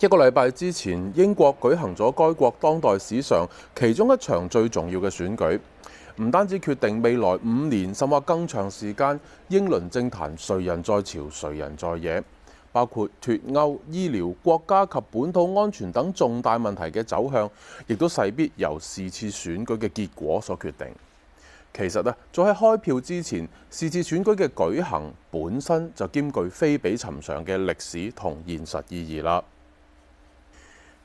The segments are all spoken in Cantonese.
一個禮拜之前，英國舉行咗該國當代史上其中一場最重要嘅選舉，唔單止決定未來五年甚至更長時間英倫政壇誰人在朝誰人在野，包括脫歐、醫療、國家及本土安全等重大問題嘅走向，亦都勢必由是次選舉嘅結果所決定。其實啊，早喺開票之前，是次選舉嘅舉行本身就兼具非比尋常嘅歷史同現實意義啦。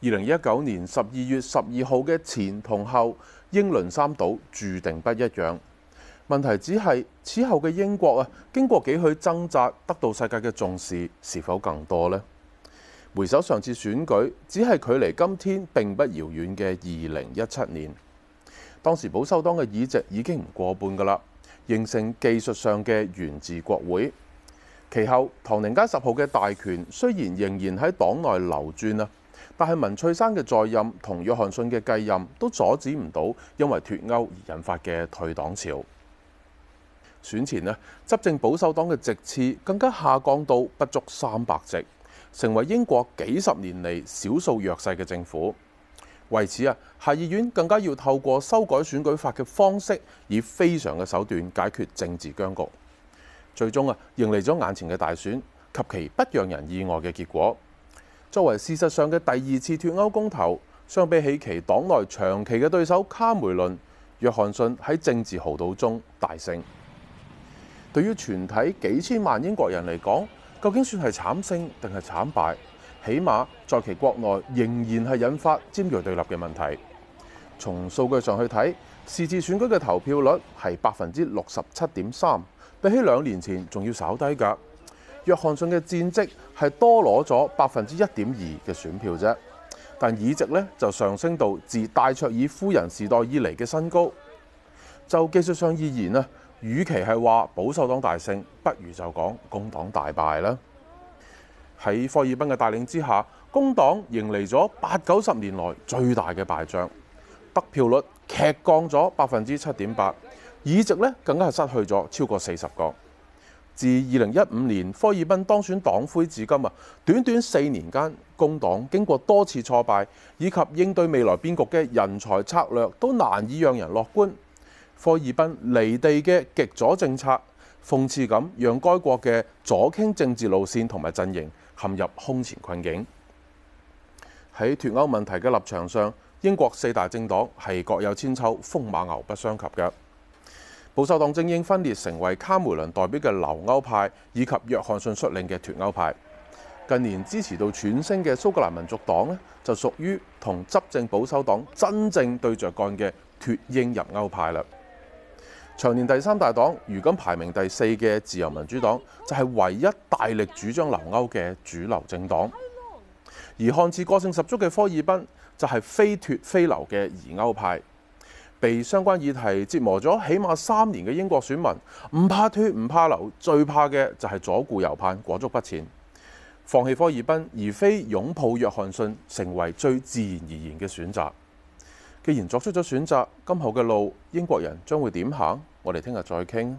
二零一九年十二月十二號嘅前同後，英倫三島注定不一樣。問題只係此後嘅英國啊，經過幾許掙扎，得到世界嘅重視是否更多呢？回首上次選舉，只係距離今天並不遙遠嘅二零一七年，當時保守黨嘅議席已經唔過半㗎喇，形成技術上嘅源自國會。其後唐寧街十號嘅大權雖然仍然喺黨內流轉啊。但係文翠珊嘅在任同約翰遜嘅繼任都阻止唔到，因為脫歐而引發嘅退黨潮。選前呢，執政保守黨嘅席次更加下降到不足三百席，成為英國幾十年嚟少數弱勢嘅政府。為此啊，下議院更加要透過修改選舉法嘅方式，以非常嘅手段解決政治僵局。最終啊，迎嚟咗眼前嘅大選及其不讓人意外嘅結果。作為事實上嘅第二次脫歐公投，相比起其黨內長期嘅對手卡梅倫，約翰遜喺政治豪賭中大勝。對於全體幾千萬英國人嚟講，究竟算係慘勝定係慘敗？起碼在其國內仍然係引發尖鋭對立嘅問題。從數據上去睇，是次選舉嘅投票率係百分之六十七點三，比起兩年前仲要稍低㗎。約翰遜嘅戰績係多攞咗百分之一點二嘅選票啫，但議席呢就上升到自戴卓爾夫人時代以嚟嘅新高。就技術上而言咧，與其係話保守黨大勝，不如就講工黨大敗啦。喺科爾賓嘅帶領之下，工黨了，工黨迎嚟咗八九十年來最大嘅敗仗，得票率劇降咗百分之七點八，議席呢更加係失去咗超過四十個。自二零一五年科爾賓當選黨魁至今啊，短短四年間，工黨經過多次挫敗，以及應對未來變局嘅人才策略都難以讓人樂觀。科爾賓離地嘅極左政策，諷刺咁讓該國嘅左傾政治路線同埋陣營陷入空前困境。喺脱歐問題嘅立場上，英國四大政黨係各有千秋，風馬牛不相及嘅。保守黨精英分裂成為卡梅倫代表嘅留歐派，以及約翰遜率領嘅脱歐派。近年支持到喘聲嘅蘇格蘭民族黨呢，就屬於同執政保守黨真正對着幹嘅脱英入歐派啦。長年第三大黨，如今排名第四嘅自由民主黨，就係唯一大力主張留歐嘅主流政黨。而看似個性十足嘅科爾賓，就係非脱非留嘅疑歐派。被相關議題折磨咗起碼三年嘅英國選民，唔怕脫唔怕留，最怕嘅就係左顧右盼、裹足不前，放棄科爾賓，而非擁抱約翰遜，成為最自然而然嘅選擇。既然作出咗選擇，今後嘅路英國人將會點行？我哋聽日再傾。